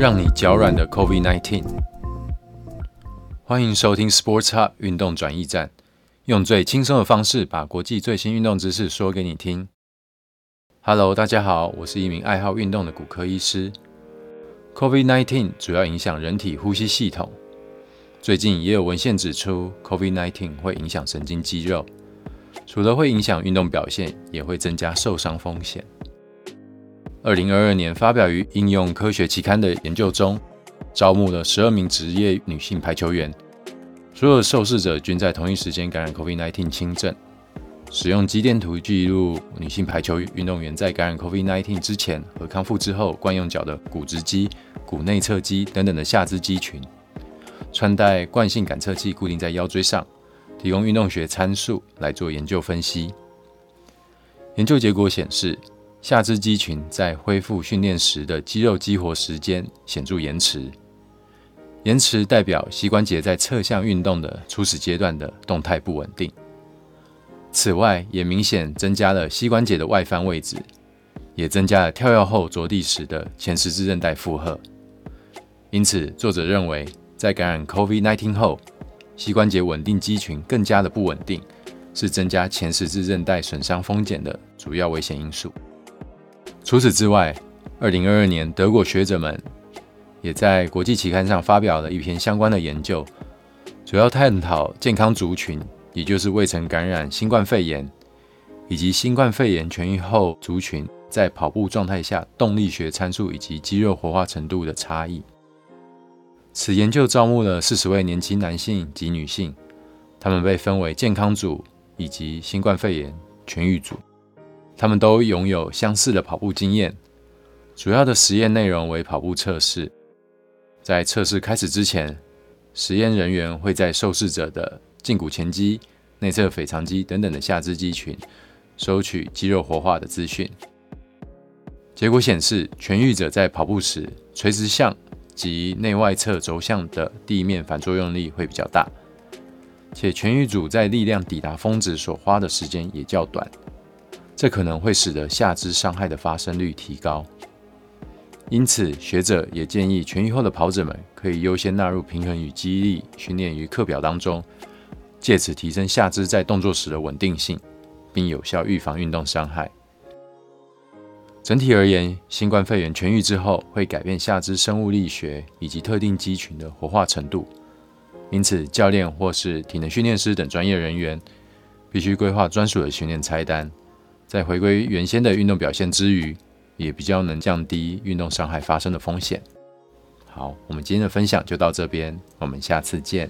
讓你腳軟的 COVID-19，歡迎收聽 Sports Hub 運動轉驛站，用最輕鬆的方式把國際最新運動知識說給你聽。Hello，大家好，我是一名愛好運動的骨科醫師。COVID-19 主要影響人體呼吸系統，最近也有文獻指出 COVID-19 會影響神經肌肉，除了會影響運動表現，也會增加受傷風險。二零二二年發表於《應用科學期刊》的研究中，招募了十二名職業女性排球員。所有受試者均在同一時間感染 COVID-19 輕症，使用肌電圖記錄女性排球運動員在感染 COVID-19 之前和康復之後慣用腳的股直肌、股內側肌等等的下肢肌群，穿戴慣性感測器固定在腰椎上，提供運動學參數來做研究分析。研究結果顯示。下肢肌群在恢復訓練時的肌肉激活時間顯著延遲，延遲代表膝關節在側向運動的初始階段的動態不穩定。此外，也明顯增加了膝關節的外翻位置，也增加了跳躍後着地時的前十字韌帶負荷。因此，作者認為，在感染 COVID-19 後，膝關節穩定肌群更加的不穩定，是增加前十字韌帶損傷風險的主要危險因素。除此之外，2022年，德國學者們也在國際期刊上發表了一篇相關的研究，主要探討健康族群，也就是未曾感染新冠肺炎，以及新冠肺炎痊癒後族群在跑步狀態下動力學參數以及肌肉活化程度的差異。此研究招募了40位年輕男性及女性，他們被分為健康組以及新冠肺炎痊癒組。他們都擁有相似的跑步經驗。主要的實驗內容為跑步測試。在測試開始之前，實驗人員會在受試者的脛骨前肌、內側腓腸肌等等的下肢肌群收取肌肉活化的資訊。結果顯示，痊癒者在跑步時，垂直向及內外側軸向的地面反作用力會比較大，且痊癒組在力量抵達峰值所花的時間也較短。這可能會使得下肢傷害的發生率提高，因此學者也建議痊癒後的跑者們可以優先納入平衡與肌力訓練於課表當中，借此提升下肢在動作時的穩定性，並有效預防運動傷害。整體而言，新冠肺炎痊癒之後會改變下肢生物力學以及特定肌群的活化程度，因此教練或是體能訓練師等專業人員必須規劃專屬的訓練菜單。在回歸原先的運動表現之餘，也比較能降低運動傷害發生的風險。好，我們今天的分享就到這邊，我們下次見。